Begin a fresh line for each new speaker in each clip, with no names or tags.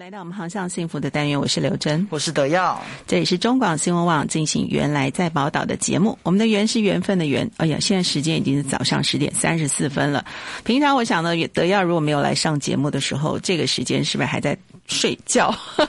來到我們航向幸福的單元，我是劉真，我是德曜，這裡是中廣新聞網進行《原來在寶島》的節目。我們的緣是緣分的緣，哎呀，現在時間已經是早上十點三十四分了。平常我想呢，德曜如果沒有來上節目的時候，這個時間是不是還在睡覺？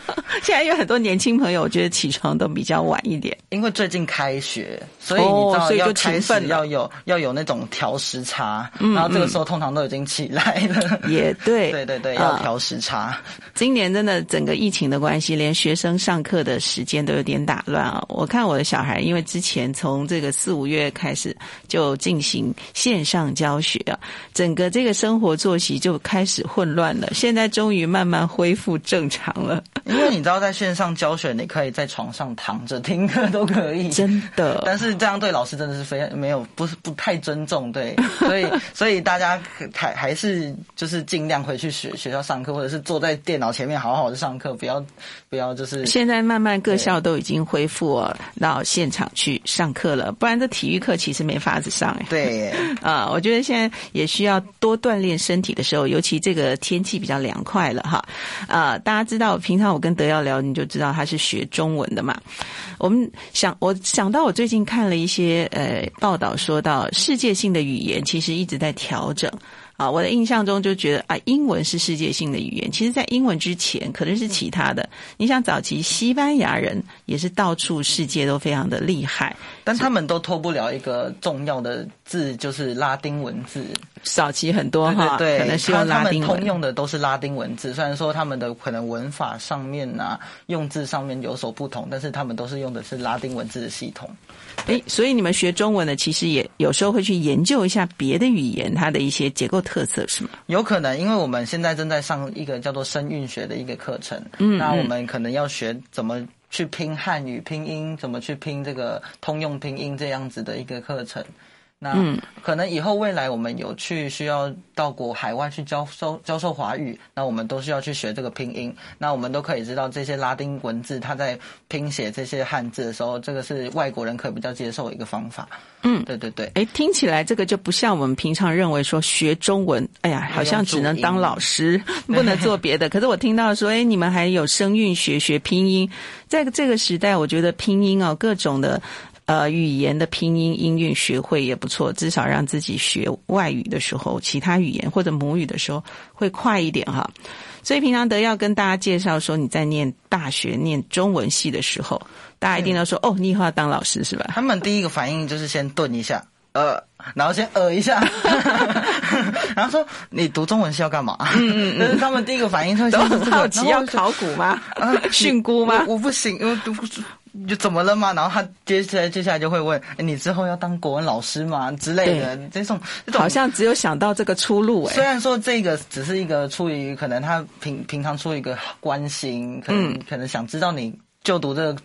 現在有很多年輕朋友，我覺得起床都比較晚一點，因為
最近開學，所以所以要，勤奮，要有要有那種調時差、嗯嗯，然後這個時候通常都已經起來了。也
對，對對對，對、啊，要調時差。今年的。真的，整個疫情的關係，連學生上課的時間都有點打亂啊！我看我的小孩，因為之前從這個四五月開始就進行線上教學，啊，整個這個生活作息就開始混亂了。現在終於慢慢恢復正常了。
因為你知道，在線上教學，你可以在床上躺着聽課都可以，真的。但是這樣對老師真的是非常沒有，不是不太尊重，對。所以，所以大家還還是就是盡量回去學學校上課，或者是坐在電腦前面。好好的上課，不要，不要，就是現在慢
慢各校都已經恢復到現場去上課了，不然這體育課其實沒法子上哎。對，啊，我覺得現在也需要多鍛鍊身體的時候，尤其這個天氣比較涼快了哈。啊，大家知道，平常我跟德曜聊，你就知道他是學中文的嘛。我們想，我想到我最近看了一些呃、哎、報道，說到世界性的語言其實一直在調整。啊，我的印象中就覺得啊，英文是世界性的語言。其實，在英文之前，可能是其他的。嗯，你想，早期西班牙人也是到處世界都非常的厲害，
但他們都脫不了一個重要的字，就是拉丁文字。
早期很多哈，對，對，可能是用拉丁文。他，他們通
用的都是拉丁文字。雖然說他們的可能文法上面啊，用字上面有所不同，但是他們都是用的是拉丁文字的系統。
誒，所以你們學中文呢，其實也有時候會去研究一下別的語言它的一些結構特色，是嗎？
有可能，因為我們現在正在上一個叫做聲韻學的一個課程。嗯，那我們可能要學怎麼去拼漢語拼音，怎麼去拼這個通用拼音這樣子的一個課程。那可能以後未來我們有去需要到國海外去教授教授華語，那我們都需要去學這個拼音。那我們都可以知道這些拉丁文字，它在拼寫這些漢字的時候，這個是外國人可以比較接受的一個方法。
嗯，對對對。誒，聽起來這個就不像我們平常認為說學中文，哎呀，好像只能當老師，不用注音。 不能做別的。可是我聽到說，誒，你們還有聲韻學、學拼音，在這個時代，我覺得拼音哦，各種的。呃，語言的拼音音韻學會也不錯，至少讓自己學外語的時候，其他語言或者母語的時候會快一點哈。所以平常德曜要跟大家介紹說，你在念大學念中文系的時候，大家一定要說哦，你以後要當老師是吧？他們第一個反應就是先頓一下，呃，然後先呃一下，
然後說你讀中文系要幹嘛？ 嗯嗯，嗯，他們第一個反應就、這個、很好奇要考古
嗎？啊、訓詁嗎我？我不行，因我讀不。
就怎麼了嘛，然後他接下來接下來就會問、欸、你之後要當國文老師嗎之類的？這種，
這種好像只有想到這個出路、欸。哎，雖然
說這個只是一個出於可能他平平常出於一個關心，可能、嗯、可能想知道你就讀這個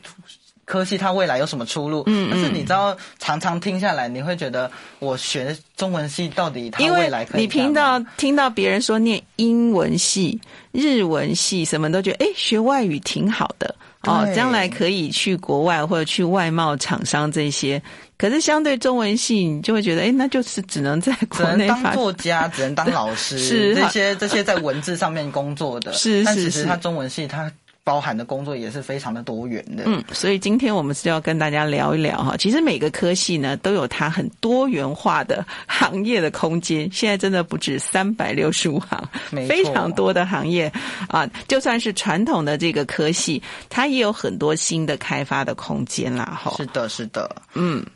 科系，他未來有什麼出
路。嗯，但是你知
道，常常聽下來，你會覺得我學中文系到底他未來可以幹嘛？因為你聽
到聽到別人說念英文系、日文系什麼都覺得哎，學外語挺好的。哦，將來可以去國外或者去外貿廠商這些，可是相對中文系，你就會覺得，哎、欸，那就是只能在國內當作家，只能當老師， 是這些
這些在文字上面工作的。是 是是，他中文系他。包含的工作也是非常的多元的。嗯，
所以今天我們就要跟大家聊一聊哈，其實每個科系呢都有它很多元化的行業的空間。現在真的不止三百六十五行，非常多的行業啊，就算是傳統的這個科系，它也有很多新的開發的空間啦。哈，是的，是的，嗯。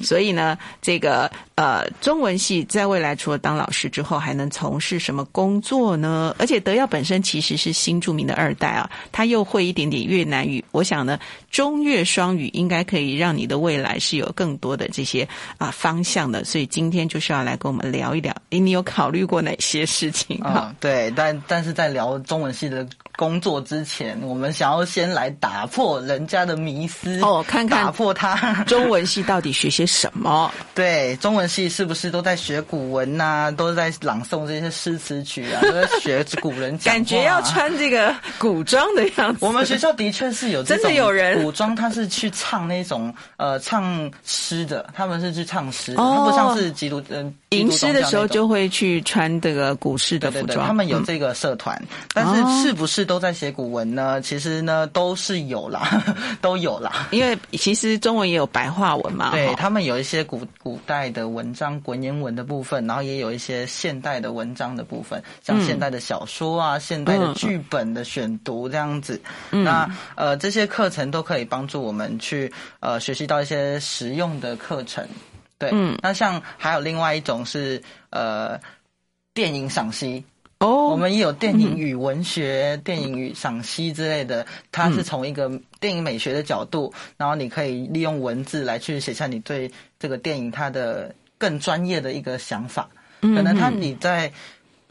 所以呢，這個呃，中文系在未來除了當老師之後，還能從事什麼工作呢？而且德曜本身其實是新住民的二代啊，他又會一點點越南語，我想呢，中越雙語應該可以讓你的未來是有更多的這些啊、呃、方向的。所以今天就是要來跟我們聊一聊，誒，你有考慮過哪些事情啊、嗯？
對，但但是在聊中文系的。工作之前，我們想要先來打破人家的迷思哦，看看打破他。中文系到底學些什麼？ 對，中文系是不是都在學古文吶、啊？都在朗誦這些詩詞曲啊？ 都在學古人講。感覺要穿這個古裝的樣子。我們學校的確是有真的有人古裝，他是去唱那種呃唱詩的，他們是去唱詩、哦，他不像是基督吟詩的時候就
會去穿這個古詩的服裝，對對對。他們有這個社團，
嗯、但是是
不是？都在寫
古文呢，其實呢都是有啦，都有啦。因為其實中文也有
白話文嘛，對、哦、他
們有一些古古代的文章，文言文的部分，然後也有一些現代的文章的部分，像現代的小說啊、嗯、現代的劇本的選讀這樣子。嗯、那呃，這些課程都可以幫助我們去呃學習到一些實用的課程。對、嗯，那像還有另外一種是呃電影賞析。哦、oh，我們也有電影與文學、嗯、電影與賞析之類的，它是從一個電影美學的角度、嗯，然後你可以利用文字來去寫下你對這個電影它的更專業的一個想法。可能他你在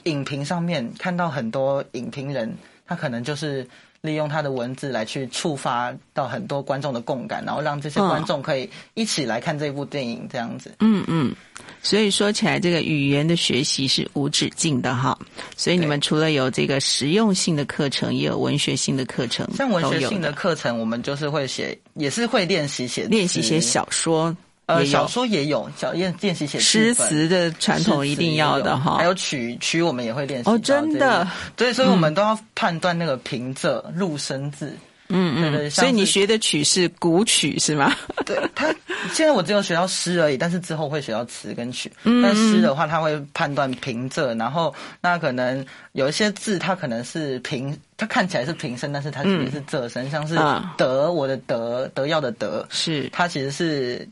影評上面看到很多影評人，他可能就是。利用他的文字來去觸發到很多觀眾的共感，然後讓這些觀眾可以一起來看這部電影，這樣子。
嗯嗯，所以說起來，這個語言的學習是無止境的哈。所以你們除了有這個實用性的課程，也有文學性的課程都有的。像文學性的
課程，我們就是會寫，也是會練習寫，練習寫小說。呃，小說也有，小燕練習寫詩詞
的傳統一定要的哈。
還有曲曲，我們也會練習。哦，真的，對，嗯、所以我們都要判斷那個平仄、入聲字。嗯嗯
對，所以你學的曲是古曲是嗎？ 對，
他現在我只有學到詩而已，但是之後會學到詞跟曲。嗯，但詩的話，他會判斷平仄，然後那可能有一些字，它可能是平，它看起來是平聲，但是它其實是仄聲。嗯，像是德“德、啊，我的“德，德曜”的“德，是它其實是。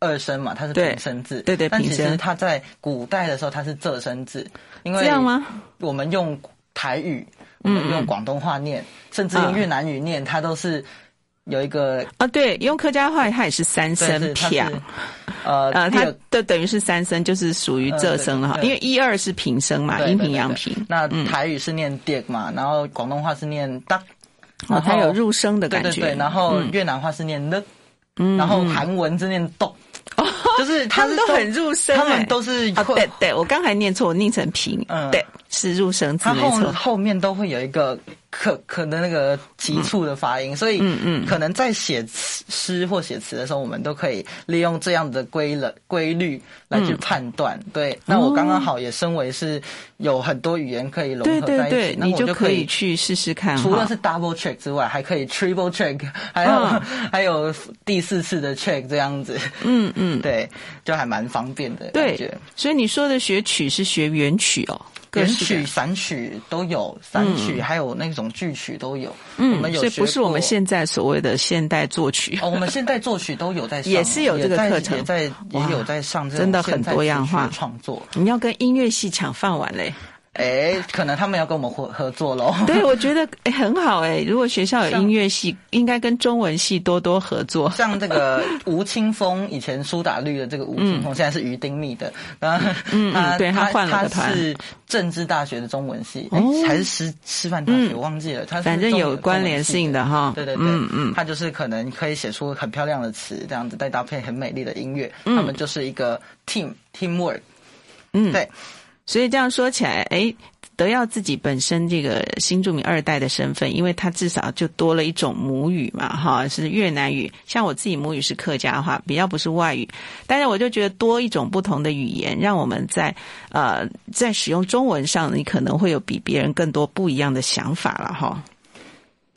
二聲嘛，它是平聲字對，對對，但其實它在古代的時候它是仄聲字，這樣嗎？因為我們用台語，
嗯，用廣
東話念，嗯、甚至用越南語念、嗯，它都是有一個啊，
對，用客家話它也是三聲平呃，它等於是三聲，就是屬於仄聲哈、嗯，因為一二是平聲嘛，陰平陽平、嗯。那台語是念 dig 嘛、嗯，然後廣東話是念
當，哦，它有入
聲的感覺，對對，對，然後越
南話是念的、嗯，嗯，然後韓
文是念動。嗯嗯嗯 就是，他，是他們都很入聲、欸，他們都是、啊、對對，我剛才念錯，我念成平，嗯，對，是入聲字，沒錯，後面都會有一個。可可
能那個急促的發音，嗯、所以可能在寫詩或寫詞的時候，嗯，我們都可以利用這樣的規了規律來去判斷，嗯。對，那我剛剛好也身為是有很多語言可以融合在一起，對對對，那我就你就可以去試試看。除了是 double check 之外，還可以 triple check，還有、嗯、還有第四次的 check 這樣子。嗯嗯，對，就還蠻方便的感覺。對，所以你說的學曲是學
原曲哦？元曲、
散曲都有，散曲還有那種劇曲都有，嗯，我們有。嗯，所以不是我們
現在所謂的現代作曲， 哦，我們
現代作曲都有在上，也是有這個課程也在，也在，也有在
上在曲曲，真的很多樣化創作。你要跟音樂
系搶飯碗嘞！哎，可能他們要跟我們合合作嘍。對，我
覺得很好哎。如果學校有音樂系，應該跟中文系多多合作。像這個吳
青峰，以前蘇打綠的這個吳青峰、嗯，現在是魚丁糸的然後。嗯，他、嗯、對他換了個團。是政治大學的中文系，哦、還是師師範大學？嗯、我忘記了。他反正有關聯性的哈、哦。對對對，嗯，他、嗯、就是可能可以寫出很漂亮的詞，這樣子再搭配很美麗的音樂，他、嗯、們就是一個 team、嗯、teamwork。嗯，
對。所以這樣說起來，誒，德曜自己本身這個新住民二代的身份，因為他至少就多了一種母語嘛，哈，是越南語。像我自己母語是客家話，比較不是外語，但是我就覺得多一種不同的語言，讓我們在呃在使用中文上，你可能會有比別人更多不一樣的想法了，哈。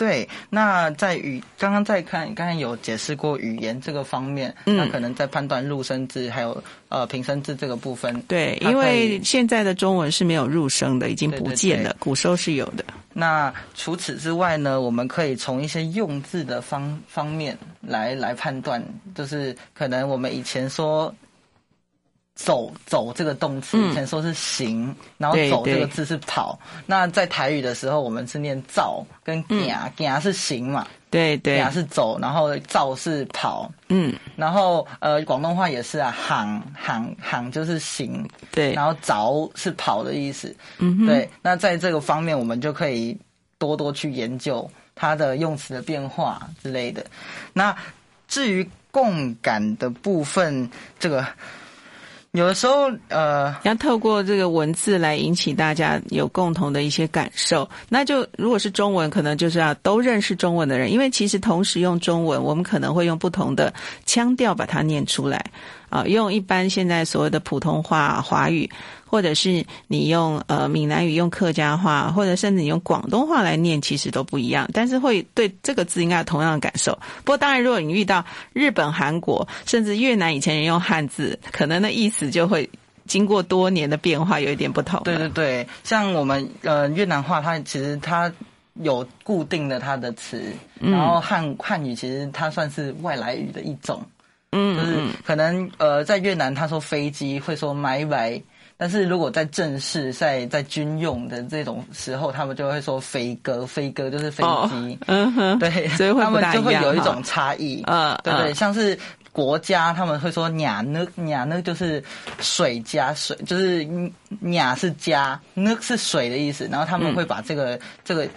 對，那在語剛剛在看，剛剛有解釋過語言這個方面，嗯，那可能在判斷入聲字還有呃平聲字這個部分。對，
因為現在的中文是沒有入聲的，已經不見了。對對對，古時候是有的。
那除此之外呢，我們可以從一些用字的方方面來來判斷，就是可能我們以前說。走走這個動詞以前說是行、嗯，然後走這個字是跑。對對，那在台語的時候，我們是念造跟嗲嗲、嗯、是行嘛？
對對，嗲是
走，然後造是跑。嗯，然後呃，廣東話也是啊，行行行就是行，對，然後走是跑的意思。嗯，對。那在這個方面，我們就可以多多去研究它的用詞的變化之類的。那至於共感的部分，這個。
有的時候，呃，要透過這個文字，來引起大家有共同的一些感受。那就如果是中文，可能就是要、啊、都認識中文的人，因為其實同時用中文，我們可能會用不同的腔調把它念出來。啊、呃，用一般現在所謂的普通話、華語，或者是你用呃閩南語、用客家話，或者甚至你用廣東話來念，其實都不一樣。但是會對這個字應該有同樣的感受。不過當然，如果你遇到日本、韓國，甚至越南以前人用漢字，可能那意思就會經過多年的變化，有一點不同。對對對，像我們呃越南話它，它其實它有固
定的它的詞，然後漢、嗯、漢語其實它算是外來語的一種。嗯，就是可能呃，在越南他說飛機會說 mai mai，但是如果在正式在在軍用的這種時候，他們就會說飛哥飛哥就是飛機、哦，
嗯哼，對，所以會他們就會有一種
差異。啊、哦，對、嗯、對，像是國家他們會說 nước nước 就是水加水，就是 nước、嗯嗯、是加，nước、嗯、是水的意思，然後他們會把這個、嗯、這個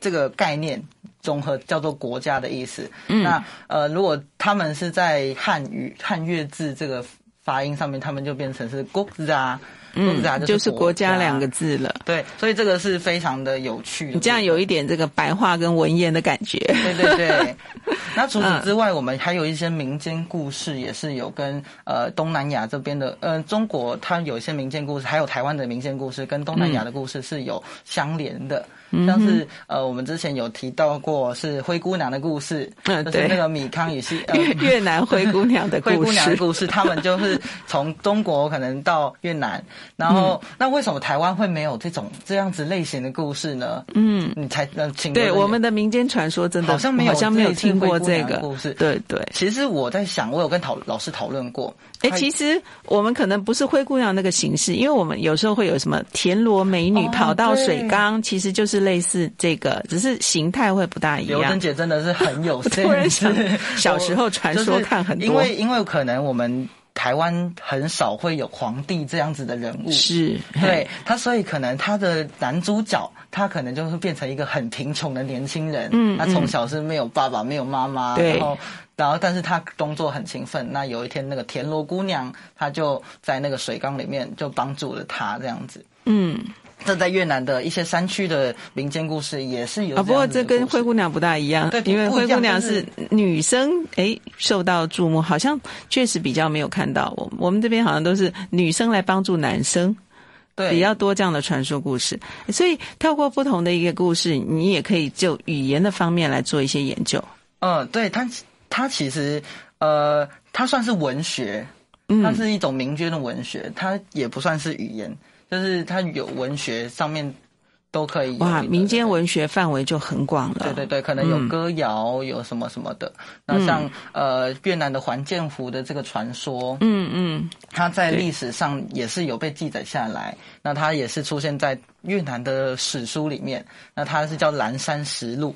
這個概念，綜合叫做國家的意思。嗯、那呃，如果他們是在漢語漢越字這個發音上面，他們就變成是國家。啊，嗯，就是國家兩
個字了。對，
所以這個是非常的有趣的。你
這樣有一點這個白話跟文言的感覺。對對對，對。
那除此之外、嗯，我們還有一些民間故事也是有跟呃東南亞這邊的呃中國，它有一些民間故事，還有台灣的民間故事，跟東南亞的故事是有相連的。嗯像是呃，我們之前有提到過是灰姑娘的故事，嗯，對，就是、那個米糠也是越 越
南灰姑娘的故事。 灰姑娘的故事，
他們就是從中國可能到越南，嗯、然後那為什麼台灣會沒有這種這樣子類型的故事呢？嗯，你才能請過，對我們
的民間傳說真的好像沒有像沒有聽過這個故事，這個、對對。其實我在想，我有跟討老師討論過。誒，其實我們可能不是灰姑娘那個形式，因為我們有時候會有什麼田螺美女跑到水缸，哦、其實就是類似這個，只是形態會不大一樣。劉珍姐真的是很有， 突然想小時候傳說、 就是、看很多，因為因
為可能我們。台灣很少會有皇帝這樣子的人物，是對他，所以可能他的男主角，他可能就會變成一個很貧窮的年輕人。嗯，他從小是沒有爸爸、沒有媽媽，然後，然後但是他工作很勤奮。那有一天，那個田螺姑娘，他就在那個水缸裡面就幫助了他這樣子。嗯。這在越南的一些山區的民間故事也是有的啊，不過這
跟灰姑娘不大一樣，對，因為灰姑娘是女生是，哎，受到注目，好像確實比較沒有看到。我我們這邊好像都是女生來幫助男生，對，比較多這樣的傳說故事。所以透過不同的一個故事，你也可以就語言的方面來做一些研究。
嗯，對，它它其實呃，它算是文學，
它，嗯，是
一種民間的文學，它也不算是語言。就是它有文學上面，都可以哇！
民間文學範圍就很廣
了。對對對，可能有歌謠、嗯，有什麼什麼的。那像、嗯、呃越南的還劍湖的這個傳說，嗯嗯，它在歷史上也是有被記載下來。那它也是出現在越南的史書裡面。那它是叫《藍山實錄》。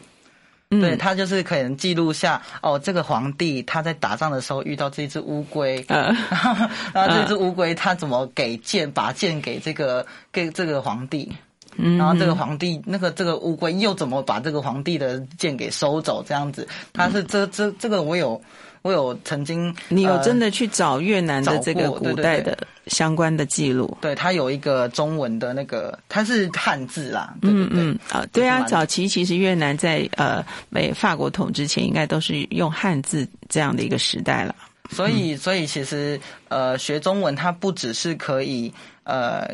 對，他就是可能記錄下哦，這個皇帝他在打仗的時候遇到這隻烏龜，嗯，然後，然後這隻烏龜他怎麼給劍，把劍給這個給這個皇帝。
然後這個皇
帝，那個這個烏龜又怎麼把這個皇帝的劍給收走。這樣子，他是這這這個我有我有曾經，你有真的
去找越南的這個古代的相關的記錄？對、對、對、對，它有一個中文的那個，它是漢字啦。嗯嗯，啊，對啊，早期其實越南在呃被法國統治前，應該都是用漢字這樣的一個時代了。
所以，所以其實呃，學中文它不只是可以呃。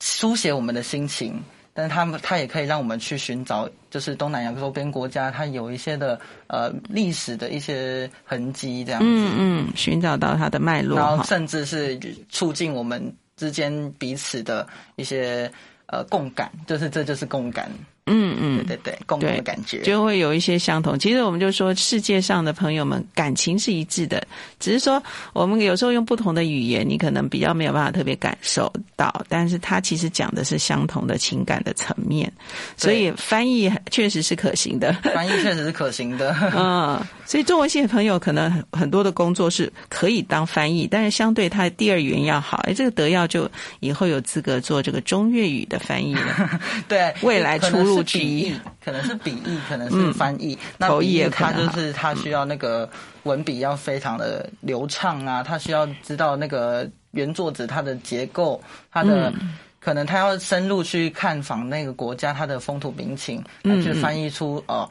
書寫我們的心情，但是他們他也可以讓我們去尋找，就是東南亞周邊國家，它有一些的呃歷史的一些痕跡這樣子，嗯嗯，
尋找到它的脈絡，然後甚
至是促進我們之間彼此的一些呃共感，就是這就是共感。嗯嗯對，對對，
共同的感覺就會有一些相同。其實我們就說，世界上的朋友們感情是一致的，只是說我們有時候用不同的語言，你可能比較沒有辦法特別感受到。但是他其實講的是相同的情感的層面，所以翻譯確實是可行的。翻譯確實
是可行的。
嗯、 哦，所以中文系的朋友可能很多的工作是可以當翻譯，但是相對他的第二語言要好。誒這個德曜就以後有資格做這個中越語的翻譯了。
對，未來出。是筆譯可能是筆譯，可能是翻譯。嗯、那筆譯他就是他需要那個文筆要非常的流暢啊，嗯、他需要知道那個原作者他的結構，嗯、他的可能他要深入去看訪那個國家，他的風土民情，嗯、去翻譯出、嗯、哦，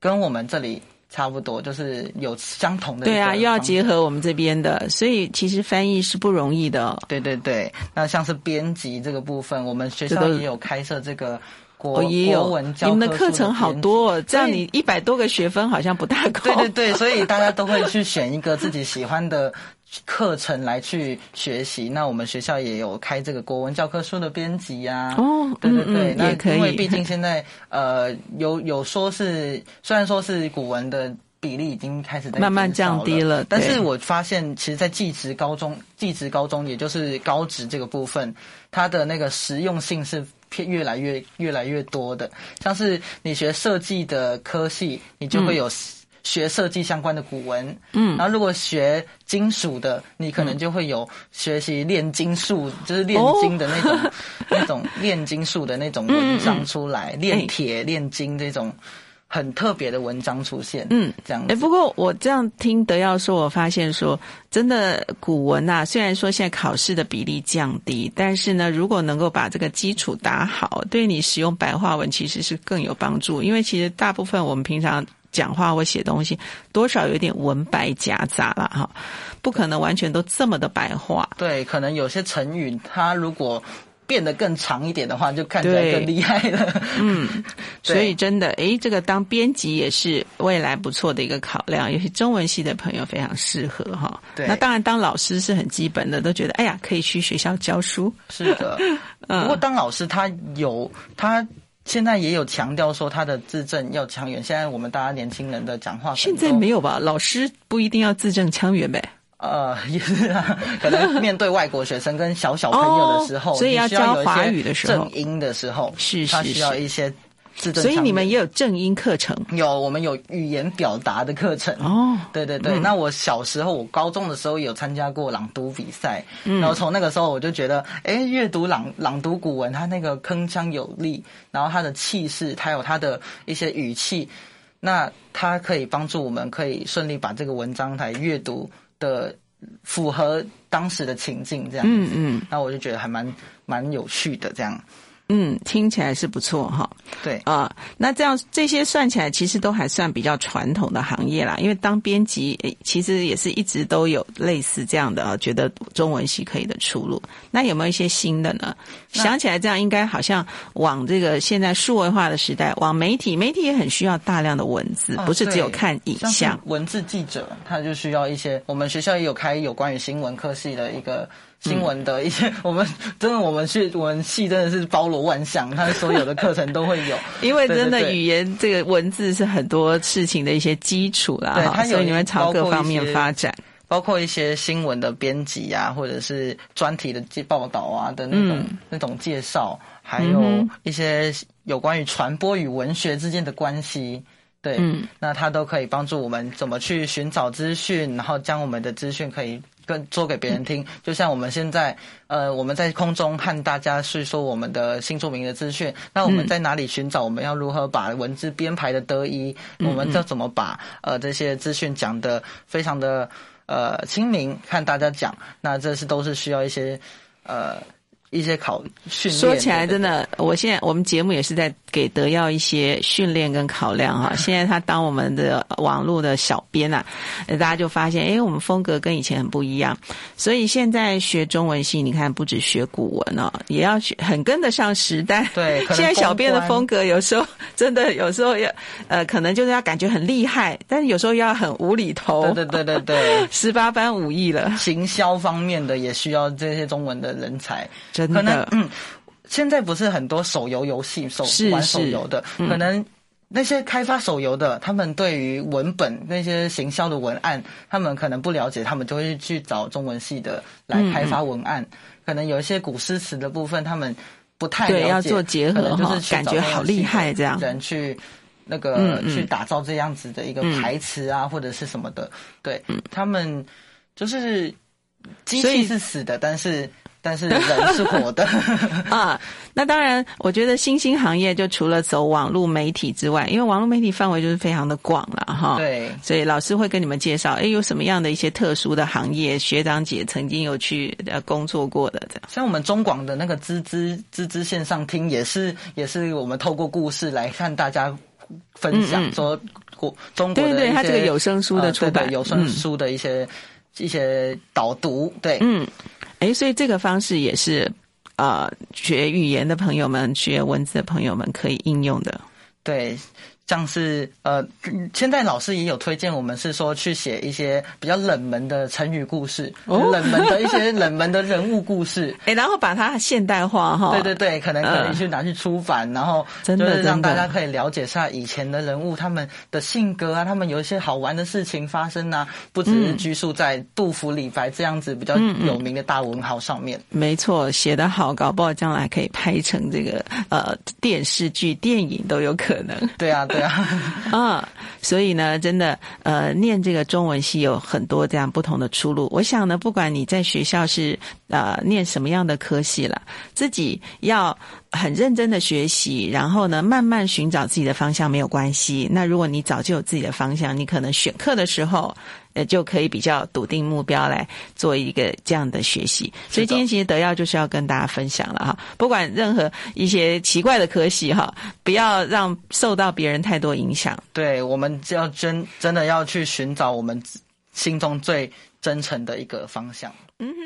跟我們這裡差不多，就是有相同的。對啊，又要
結合我們這邊的，所以其實翻譯是不容易的、哦。對對對，那像是編輯這個
部分，我們學校也有開設這個。哦、也有國文教，你們的課程
好多、哦，這樣你一百多個學分好像不大夠。對對
對，所以大家都會去選一個自己喜歡的課程來去學習。 那我們學校也有開這個國文教科書的編輯呀。哦，對
對對，嗯嗯、那、嗯、也可以。因為畢竟
現在呃有有說是，雖然說是古文的比例已經開始在慢慢降低了，但是我發現其實在技職高中、技職高中，高中也就是高職這個部分，它的那個實用性是越來越越來越多的，像是你學設計的科系，你就會有學設計相關的古文，嗯，然後如果學金屬的，你可能就會有學習煉金術，嗯、就是煉金的那種，哦、 那種煉金術的那種文章出來，嗯嗯、煉鐵煉金這種。很特別的文章出現，嗯，這樣。欸，
不過我這樣聽德曜說，我發現說，真的古文吶、啊，雖然說現在考試的比例降低，但是呢，如果能夠把這個基礎打好，對你使用白話文其實是更有幫助。因為其實大部分我們平常講話或寫東西，多少有點文白夾雜了哈，不可能完全都這麼的白話。
對，可能有些成語，它如果。變得
更長一點的話，就看起來更厲害了。 嗯，所以真的，誒、欸，這個當編輯也是未來不錯的一個考量，尤其中文系的朋友非常適合哈。對，那當然當老師是很基本的，都覺得哎呀，可以去學校教書。是的，不過
當老師他有、嗯、他現在也有強調說他的字正要腔圓。現在我們大家年輕人的講話，現在沒有吧？老師不一定要字正腔圓唄。呃也是、啊，可能面對外國學生跟小小朋友的時候， 哦、需要有一些，所以要教華語的時候，正音的時候，是是是，他需要一些自尊。所以你
們也有正音課
程？有，我們有語言表達的課程。哦，對對對。嗯、那我小時候，我高中的時候也有參加過朗讀比賽、嗯，然後從那個時候我就覺得，哎，閱讀朗朗讀古文，他那個鏗鏘有力，然後他的氣勢，他有他的一些語氣，那他可以幫助我們可以順利把這個文章來閱讀的符合當時的情境這樣子，嗯嗯，那我就覺得還蠻蠻有趣
的這樣。嗯，聽起來是不錯哈。哦。對啊，呃，那這樣這些算起來其實都還算比較傳統的行業啦。因為當編輯，其實也是一直都有類似這樣的啊，覺得中文系可以的出路。那有沒有一些新的呢？想起來這樣應該好像往這個現在數位化的時代，往媒體，媒體也很需要大量的文字，啊，不是只有看影像。像
文字記者他就需要一些，我們學校也有開有關於新聞科系的一個。新聞的一些，我們真的我們去，我們去我們系真的是包羅萬象，他所有的課程都會有。 因為真的語
言這個文字是很多事情的一些基礎啦，對。對，它有你們朝各方面發展，
包括一些新聞的編輯啊，或者是專題的報道啊的那種、嗯、那種介紹，還有一些有關於傳播與文學之間的關係。對，嗯，那他都可以幫助我們怎麼去尋找資訊，然後將我們的資訊可以跟說給別人聽、嗯。就像我們現在，呃，我們在空中和大家說，說我們的新著名的資訊，那我們在哪裡尋找？我們要如何把文字編排的得一？嗯、我們要怎麼把呃這些資訊講的非常的呃清明看大家講，那這是都是需要一些呃。一些考訓練。說起來
真的，對對，我現在我們節目也是在給德曜一些訓練跟考量哈、啊。現在他當我們的網絡的小編啊， 大家就發現，哎，我們風格跟以前很不一樣。所以現在學中文系，你看不止學古文哦、啊，也要學，很跟得上時代。對，現在小編的風格有時候真的有時候要，呃，可能就是要感覺很厲害，但是有時候要很無厘頭。對對對對對，十八般武
藝了。行銷方面的也需要這些中文的人才。就 可能嗯，現在不是很多手遊遊戲手是是玩手遊的是是，嗯，可能那些開發手遊的，他們對於文本那些行銷的文案，他們可能不了解，他們就會去找中文系的來開發文案。嗯嗯，可能有一些古詩詞的部分，他們不太了解對，要做結合，就是感覺好厲害這樣人去那個嗯嗯去打造這樣子的一個台詞啊，嗯，或者是什麼的。對，嗯，他們就是機器是死的，但是。但是人是活的
啊！那當然，我覺得新興行業就除了走網路媒體之外，因為網路媒體範圍就是非常的廣了哈。對，所以老師會跟你們介紹，哎，有什麼樣的一些特殊的行業，學長姐曾經有去工作過的。這樣
像我們中廣的那個吱吱吱吱線上聽，也是也是我們透過故事來看大家分享說，
說、嗯嗯、中廣的對對對，它這個有聲書的出版，呃、有聲書
的一些。嗯一些導讀，對，嗯，
哎、欸，所以這個方式也是，呃，學語言的朋友們，學文字的朋友們可以應用的，
對。像是呃，現在老師也有推薦我們，是說去寫一些比較冷門的成語故事，哦、 冷門的一些冷門的人物故事，
哎、欸，然後把它現代化哈、哦。對對
對，可能可以去拿去出版，呃、然後真的讓大家可以了解一下以前的人物的他們的性格啊，他們有一些好玩的事情發生啊，不只是拘束在杜甫、李白這樣子比較有名的大文豪上面。嗯
嗯嗯、沒錯，寫得好，搞不好將來可以拍成這個呃電視劇、電影都有可能。對啊。對啊，嗯，所以呢，真的，呃，念這個中文系有很多這樣不同的出路。我想呢，不管你在學校是。呃，念什麼樣的科系了？自己要很認真的學習，然後呢，慢慢尋找自己的方向沒有關係。那如果你早就有自己的方向，你可能選課的時候，呃，就可以比較篤定目標來做一個這樣的學習。所以今天其實德曜就是要跟大家分享了哈，不管任何一些奇怪的科系哈，不要讓受到別人太多影響。
對，我們就要真真的要去尋找我們心中最真誠的一個方向。
嗯哼。